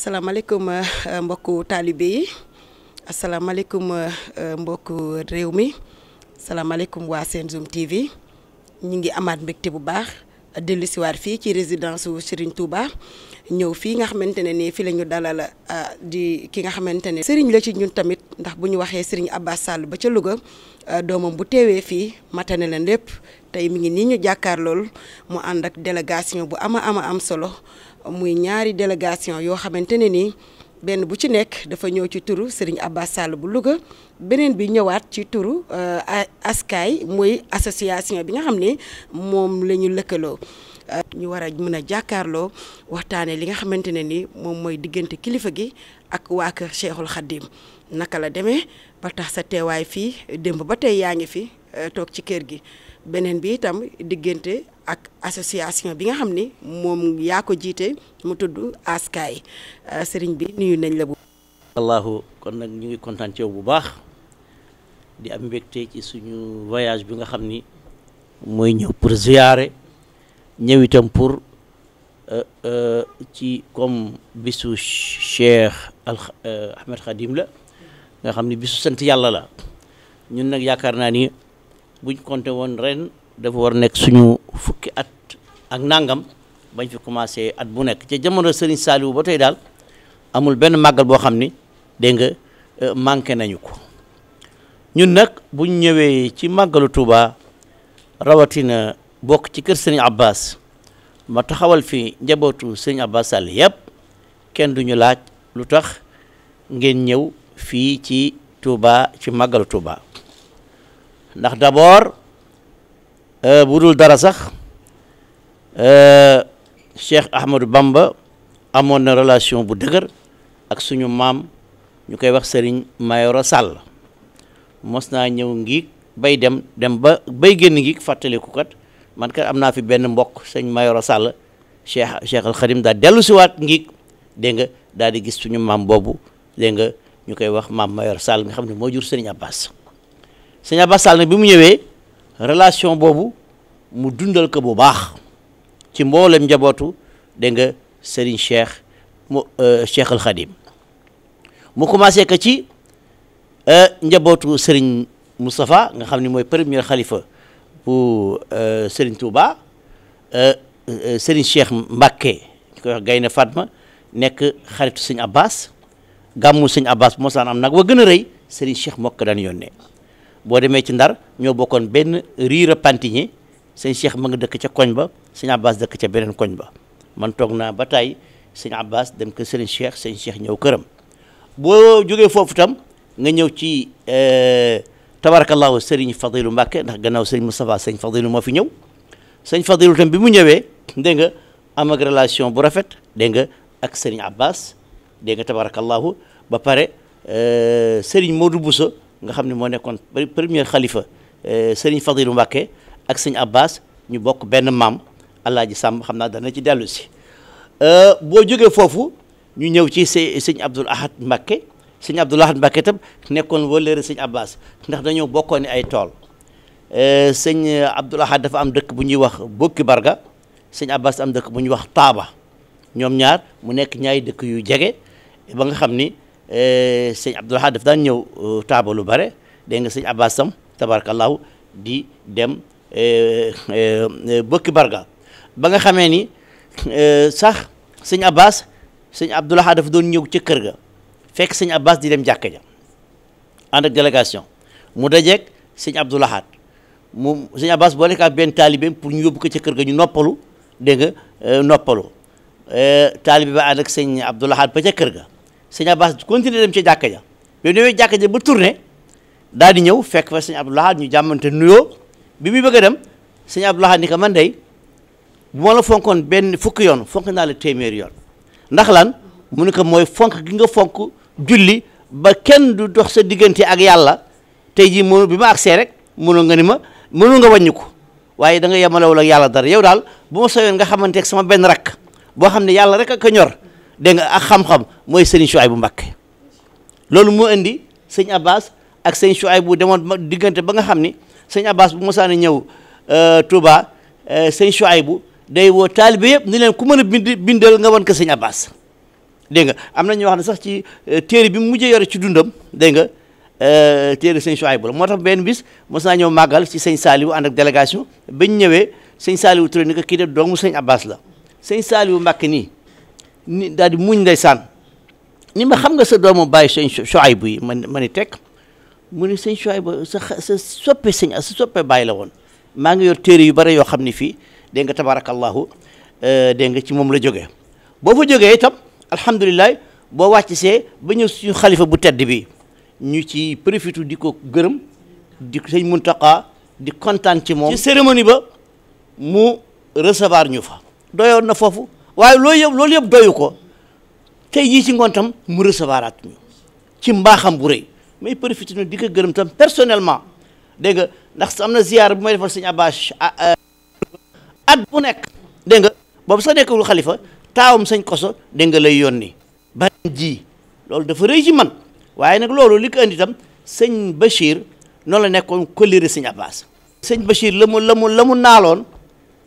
asalaamaaleykum euh, mbokku taalibe yi asalaamaaleykum euh, mbokku réew mi asalaamaaleykum waa Sen Zoom TV ñu ngi amaat mbégte bu baax dellu si fii ci résidence su Serigne Touba ñëw fii nga xamante ne nii fii la ñu dalal euh, di ki nga xamante ne. Serigne la ci ñun tamit ndax bu ñu waxee Serigne Abbas Sall ba ca Louga doomam bu teewee fii matane leen lépp. tey mi ngi nii ñu jàkkaar lool mu ànd ak délégation bu ama ama am solo muy ñaari délégation yoo xamante ne nii benn bu ci nekk dafa ñëw ci turu Serigne Abbas Sall bu Louga beneen bi ñëwaat ci turu euh, askaay muy association bi nga xam ne moom lañu lëkkaloo. Euh, ñu war a mën a jàkkaarloo waxtaanee li nga xamante ne ni moom mooy diggante kilifa gi ak waa kër Cheikhul Khadim naka la demee ba tax sa teewaay fii démb ba tey yaa ngi fi euh, toog ci kër gi. beneen bi itam diggante ak association bi nga xam ni moom yaa ko jiite mu tudd askaay euh, sëriñ bi nuyu nañ la bu allahu kon nag ñu ngi kontaan ci yow bu baax di am mbégte ci suñu voyage bi nga xam ni mooy ñëw pour ziyaare ñëw itam pour euh, euh, ci comme bisu cheikh al ahmed xadim la nga xam ni bisu sant yàlla la ñun nag yaakaar naa ni buñ compté woon ren dafa war nekk suñu fukki at ak nangam bañ fi commencé at bu nekk ci jamono Serigne Saliou ba tey daal amul benn màggal boo xam ni dégg nga euh, manqué nañu ko ñun nag buñ ñëwee ci màggalu Touba rawatina bokk ci kër Serigne Abbas ma taxawal fi njabootu Serigne Abbas Sall yëpp kenn duñu laaj lu tax ngeen ñëw fii ci tuuba ci màggalu Touba ndax d'abord euh dul dara sax euh, cheikh ahmadou bamba amon na relation bu dëgër ak suñu mam ñukay wax serigne mayoro sall mosna ñew ngik bay dem dem ba bay ngik fatali ku kat man kat amna fi ben mbokk serigne mayoro sall cheikh cheikh al da delu ci wat ngik de nga dal di gis suñu mam bobu de nga ñukay wax mam mayoro sall nga xamni mo jur serigne abbas sëñ Abass Sall nag bi mu ñëwee relation boobu mu dundal ko bu baax ci mboolem njabootu dégg nga Serigne Cheikh mu euh, Cheikh al Khadim mu commencé ko ci euh, njabootu sëriñ Moustapha nga xam ni mooy premier xalifa bu euh, Serigne Touba Serigne Cheikh Mbacké ñu koy wax Gaynde Fatma nekk xaritu sëñ Abbas gàmmu sëñ Abbas bu mosaan am nag wa gën a rëy Serigne Cheikh moo ko daan yónnee. boo demee ci ndar ñoo bokkoon benn riira Pantini sëñ Cheikh ma nga dëkk ca koñ ba sëñ Abbas dëkk ca beneen koñ ba man toog naa ba tey sëñ Abbas dem ko sëñ Cheikh sëñ Cheikh ñëw këram boo jógee foofu tam nga ñëw ci euh, tabarakallahu sëriñ Fadilu Mbàkke ndax gannaaw sëñ Moustapha sëñ Fadilu moo fi ñëw sëñ Fadilu tam bi mu ñëwee dégg nga am relation bu rafet dégg nga ak sëriñ Abbas dégg nga tabarakallahu ba pare euh, sëriñ Modou Bousso nga xam ne moo nekkoon premier xalifa eh, sëriñ Fadilu Mbàkke ak sëñ Abbas ñu bokk benn maam Alaaji Sàmb xam naa dana ci dellusi si eh, boo jógee foofu ñu ñëw ci sëñ Abdul Ahad Mbàkke sëñ Abdul Ahad Mbàkke tam nekkoon wëllëre sëñ Abbas ndax dañoo bokkoon ay tool eh, sëñ Abdul Ahad dafa am dëkk bu ñuy wax Bokki Barga sëñ Abbas am dëkk bu ñuy wax Taaba ñoom ñaar mu nekk ñaari dëkk yu jege ba nga xam ni Eh, sëñ Abdou Lahad daf daan ñëw eh, taaba lu bare dégg nga sëñ Abbas Sam tabarakallahu di dem eh, bëkki barga ba nga xamee ni sax sëñ Abbas sëñ Abdou Lahad dafa doon ñëw ca kër ga fekk sëñ Abbas di dem jàkka ja ànd ak délégation mu dajeeg sëñ Abdou Lahad mu sëñ Abbas boole ko ak benn taalibeem pour ñu yóbbu ko ca kër ga ñu noppalu dégg nga noppalu taalibe ba ànd ak sëñ Abdou Lahad ba ca kër ga sëñ Abbas continuer dem ci jàkka ja bi ñëwee jàkka ja ba tourné daal di ñëw fekk fa sëñ Abdou Lahad ñu jàmmante nuyoo bi muy bëgg a dem sëñ Abdou Lahad ni ko man day bu ma la fonkoon benn fukki yoon fonk naa la téeméeri yoon ndax lan mu ne ko mooy fonk gi nga fonk julli ba kenn du dox sa diggante ak yàlla tey jii mënu bi ma agsee rek mënoo nga ni ma mënu nga wàññi ko waaye da nga yemalewul ak yàlla dara yow daal bu ma sooyoon nga xamante sama benn rakk boo xam ne yàlla rek ak ñor dégg nga ak xam-xam mooy sëriñ bu Mbacké loolu moo indi sëñ Abbas ak sëñ Chouaïbou demoon diggante ba nga xam ni sëñ Abbas bu mosaan a ñëw euh, Touba euh, sëñ Chouaïbou day woo taalibe yëpp ni leen ku mën a bind nga wan ko sëñ Abbas dégg nga am na ñoo ne sax ci euh, téere bi mu mujjee yore ci dundam dégg nga téere sëñ Chouaïbou la moo tax benn bis mos naa ñëw màggal ci sëñ Saliou ànd ak délégation bañ ñëwee sëñ Saliou Touré ni kii de doomu sëñ Abbas la sëñ Saliou Mbacké nii ni daal di muñ ndeysaan ni ma xam nga sa doomu bàyyi sëñ Suaybu yi man ma ni teg mu ni sëñ Suaybu sa sa soppe sëñ sa soppe bàyyi la woon maa ngi yor téere yu bare yoo xam ni fii dégg nga tabarakallahu euh, dégg nga ci moom la jóge boo fa jógee itam alhamdulilah boo wàcc see ba ñëw suñu xalifa bu tedd bi ñu ci profité di ko gërëm di sëñ Muntaqa di kontaan ci moom ci cérémonie ba mu recevoir ñu fa doyoon na foofu waaye loolu yëpp loolu yëpp doyu ko tey jii ci ngoon tam mu recevoir at ci mbaaxam bu rëy may profité di ko gërëm tam personnellement dégg ndax am na ziar bu may defal sëñ Abass at bu nekk dégg nga boobu sax nekkul xalifa taawam sëñ koso dégg nga lay yónni ban ji loolu dafa rëy ci man waaye nag loolu li ko indi tam sëñ Bachir noonu la nekkoon kolliere sëñ Abass sëñ Bachir la mu la mu la mu naaloon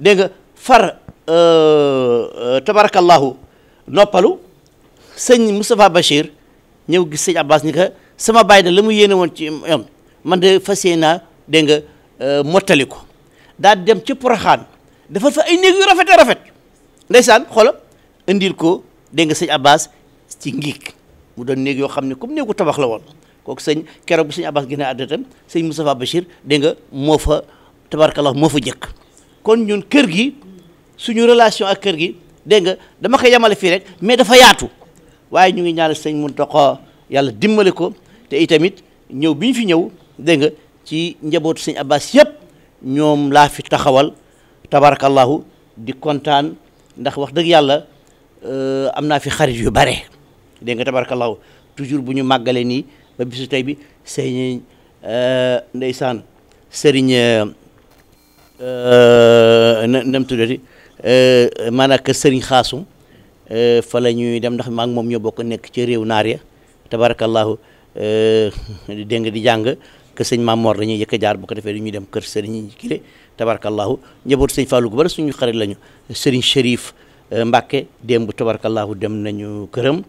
dégg far Euh, euh, tabarakallahu noppalu sëñ Moustapha Bachir ñëw gis sëñ Abbas ni sama baay da la mu yéene woon ci am man de fas yéene naa dégg nga euh, mottali ko daal dem ci Porokhane dafa fa ay néeg yu rafet a rafet ndeysaan xoola indil ko dégg nga sëñ Abbas ci ngiig mu doon néeg yoo xam ne comme ko tabax la woon kooku sëñ keroog bu sëñ Abbas génnee àddina tam sëñ Moustapha Bachir dégg nga moo fa tabarkallah moo fa jëkk kon ñun kër gi suñu relation ak kër gi dégg nga dama koy yemale fii rek mais dafa yaatu waaye ñu ngi ñaanal sëñ Muntaxa yàlla dimbali ko te itamit ñëw bi ñu fi ñëw dégg nga ci njabootu sëñ Abbas yëpp ñoom laa fi taxawal tabarakallahu di kontaan ndax wax dëgg yàlla euh, am naa fi xarit yu bare dégg nga tabarakallahu toujours bu ñu màggalee nii ba bisu tey bi sëñ euh, ndeysaan sëriñ euh, nam tuddati Euh, maanaam kër Serigne Xaasum euh, fa la ñuy dem ndax maa moom ñoo bokk nekk ci réew naar ya tabarakallahu euh, dégg nga di jàng ka sëñ mamoor la ñuy yëkk jaar bu ko defee du ñuy dem kër Serigne Kile tabarakallahu njaboot sëñ Fallou gu bari suñu xarit ñu Serigne Chérif Mbacke démb tabarakallahu dem nañu këram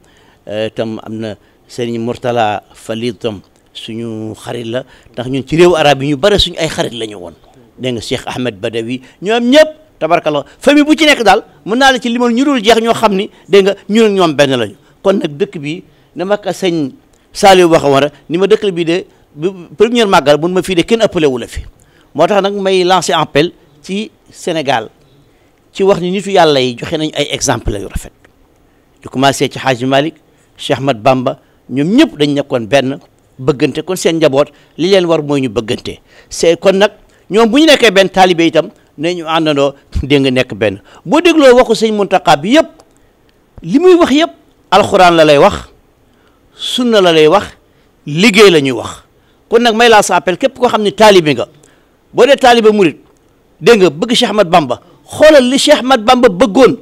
tam am na Serigne Mourtala Falil tam suñu xarit la ndax ñun ci réew arab yi bare bari suñu ay xarit la ñu woon dégg nga Cheikh Ahmed Badawi ñoom ñëpp. tabarkallah famille bu ci nekk daal mën naa la ci limal ñu dul jeex ñoo xam ni dégg nga ñun ak ñoom benn lañu kon nag dëkk bi na ma ko sëñ Saliou waxoon rek ni ma dëkk bi de première màggal mun ma fii de kenn ëppale wu la fi moo tax nag may lancer appel ci Sénégal ci wax ni nitu yàlla yi joxe nañ ay exemple yu rafet di commencé ci Hadji Malick Cheikh Ahmad Bamba ñoom ñëpp dañ nekkoon benn bëggante kon seen njaboot li leen war mooy ñu bëggante se kon nag ñoom bu ñu nekkee benn taalibe itam ne ñu àndandoo dégg nga nekk benn boo dégloo waxu sëñ Muntaxa bi yëpp li muy wax yëpp alxuraan la lay wax sunna la lay wax liggéey la ñuy wax kon nag may laa sa appel képp koo xam ne taalibe nga boo dee taalibe murit dégg nga bëgg Cheikh Ahmad xoolal li Cheikh Ahmad Bamba bëggoon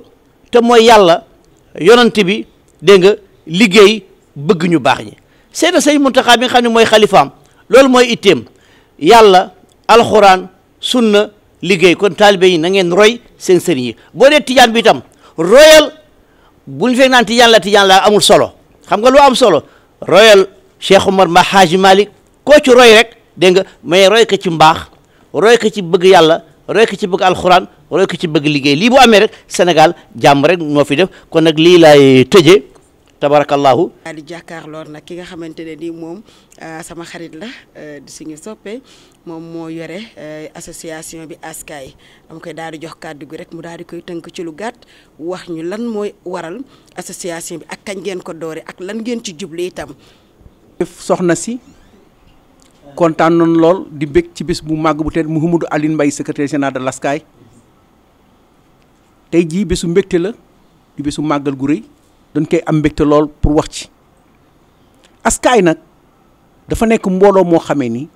te mooy yàlla yonant bi dégg nga liggéey bëgg ñu baax ñi seeta sëñ Muntaxa bi xam ne mooy xalifaam loolu mooy itteem yàlla alxuraan sunna liggéey kon taalibe yi na ngeen roy seen sëriñ yi boo dee tijaan bi itam royal buñ fekk naan tijaan la tijaan la amul solo xam nga lu am solo royal Cheikh Omar ma Haaji Malik koo ci roy rek dégg nga mais roy ko ci mbaax roy ko ci bëgg yàlla roy ko ci bëgg alxuraan roy ko ci bëgg liggéey lii boo amee rek Sénégal jàmm rek moo fi def kon nag lii laay tëjee tabarakallahu di jàkkaarloo nag ki nga xamante ne nii moom ah, sama xarit la euh, di suñu soppe moom moo yore eh, association bi askay dama koy daal di jox kàddu gi rek mu daal koy ci lu wax ñu lan waral association bi ak kañ ngeen ko doore ak lan ngeen ci jublu itam. soxna si kontaan nañ lool di bég ci bis bu màgg bu tedd Mouhamadou Aline Mbaye secrétaire général de l'ASCAI tey jii bésu mbégte la di bésu màggal gu rëy dañ koy am pour wax ci dafa ni.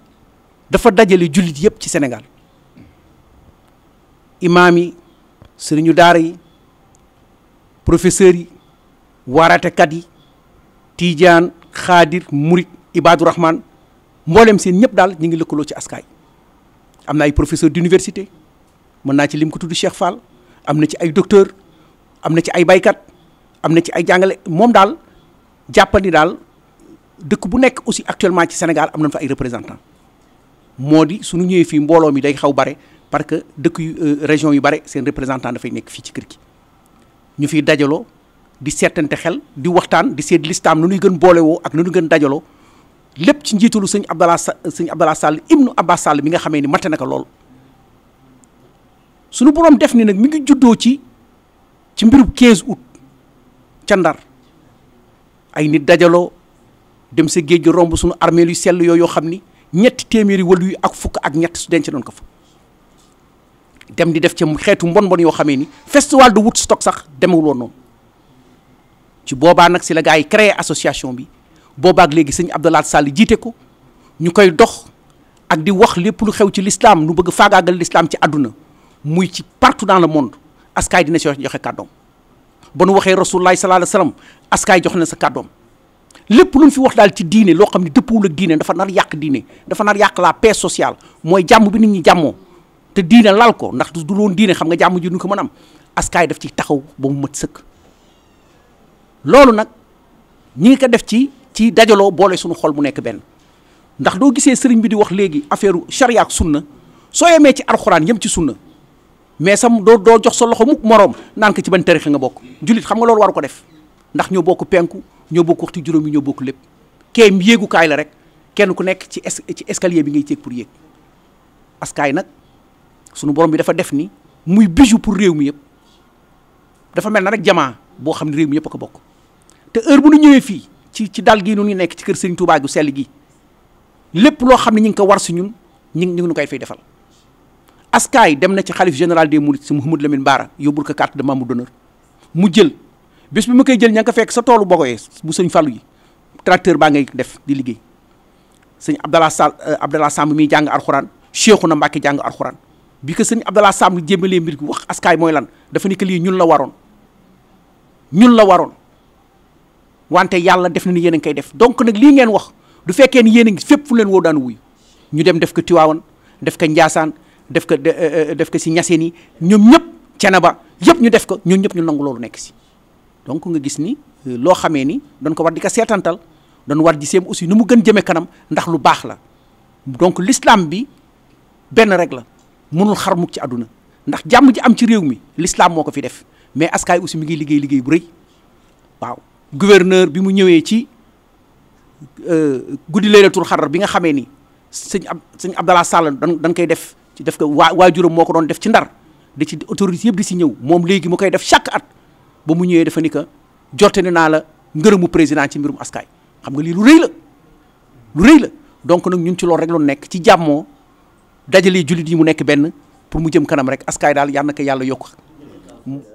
dafa dajale jullit yëpp ci Sénégal imaam yi sëriñu daara yi professeurs yi waaratekat yi tiijaan xaadir murit ibaadu rahman mboolem seen ñëpp daal ñu ngi lëkkaloo ci askaay am na ay professeur d'université mën naa ci lim ko tudd Cheikh Fall am na ci ay docteur am na ci ay baykat am na ci ay jàngale moom daal jàppandi daal dëkk bu nekk aussi actuellement ci Sénégal am na fa ay représentants moo di suñu ñëwee fii mbooloo mi day xaw bare parce que dëkk yu euh, région yu bare seen représentant dafay nekk fii ci kër gi ñu fiy dajaloo di seetante xel di waxtaan di seet listaam nu nuy gën boolewoo ak nu nu gën dajaloo lépp ci njiitalu sëñ sa sëñ Abdallah Sall ibnu Abbas Sall mi nga xamee ni matte na ko lool suñu borom def ni nag mi ngi juddoo ci ci mbirub quinze août ca Ndar ay nit dajaloo dem sa géej gi romb suñu armée yu sell yooyu yoo xam ni ñetti téeméeri wàllu yu ak fukk ak ñett su denc doon ko fa dem di def ci xeetu mbon mbon yoo xamee ni festival de Woodstock sax demewul woon noonu ci boobaa nag si la gars yi créé association bi boobaak léegi sëñ Abdoulaye Sall jiite ko ñu koy dox ak di wax lépp lu xew ci l'islam lu bëgg faagaagal l'islam ci àdduna muy ci partout dans le monde askaay dina si joxe kàddoom ba nu waxee rasulullahi sallallahu alayhi wasallam askaay jox na sa kàddoom lépp lu ñu fi wax daal ci diine loo xam ne dëppwul ak diine dafa nar yàq diine dafa nar yàq la paix sociale mooy jàmm bi nit ñi jàmmoo te diine lal ko ndax du loon diine xam nga jàmm ji duñ ko mën am askaay daf ci taxaw ba mu mët sëkk loolu nag ñi ngi ko def ci ci dajaloo boole suñu xol mu nekk benn ndax doo gisee sëriñ bi di wax léegi affaire charia ak sunna soo yemee ci alxuraan yem ci sunna mais sam doo doo jox sa loxo mukk moroom ci ban tarixa nga bokk jullit xam nga loolu waru ko def ndax ñoo bokk penku ñoo bokk waxtu juróom yi ñoo bokk lépp keem la rek kenn ku nekk ci ci escalier bi ngay téeg pour yéeg askaay nag sunu borom bi dafa def ni muy bijou pour réew mi yëpp dafa mel na rek jamaa boo xam ne réew mi yëpp ko bokk te heure bu nu ñëwee fii ci ci dal gii nu ñu nekk ci kër Serigne Touba gu sell gi lépp loo xam ne ñu ngi ko war si ñun ñu ngi ñu koy fay defal askaay dem na ci xalif général des mourides si Mouhamadou Lamine Bara yóbbul ko carte de membre d'honneur mu jël bis bi ma koy jël ña nga fekk sa toolu bogoyee bu sëñ fallu yi tracteur ba ngay def di liggéey sëñ abdallah sal euh, abdallah sam mi jàng alxuraan cheikhu na jang jàng alxuraan bi ko sëñ abdallah sam jëmele mbir gi wax askay mooy lan dafa ni que lii ñun la waroon ñun la waroon wante yàlla def na ni yéen a koy def donc nag lii ngeen wax du fekkee ni yéen a ngi fépp fu leen woo daan wuy ñu dem def ko tiwaawan def ko njaasaan def ko euh, euh, def ko si ñaseen ni ñoom ñëpp cene ba yëpp ñu def ko ñun ñëpp ñu nangu loolu nekk si donc nga gis ni euh, lo xamé ni don ko war di ka sétantal don war di sem aussi numu gën jëmé kanam ndax lu bax la donc l'islam bi ben rek la mënul xar mukk ci aduna ndax jamm ji am ci réew mi l'islam moko fi def mais askay aussi mi ngi liggéey liggéey bu reuy waaw gouverneur bi mu ñëwé ci euh, guddi laylatul xarar bi nga xamé ni seigne seigne abdallah sall dan dan koy def ci def ko waa moko don def ci ndar di ci autorité yeb di ci ñëw mom légui mu koy def chaque at ba mu ñëwee dafa ni que naa la ngërëmu président ci mbirum askay xam nga lii lu rëy la lu rëy la donc nag ñun ci loolu rek lu nekk ci jàmmoo dajalee jullit yi mu nekk benn pour mu jëm kanam rek askaay daal yàlla na ko yàlla yokk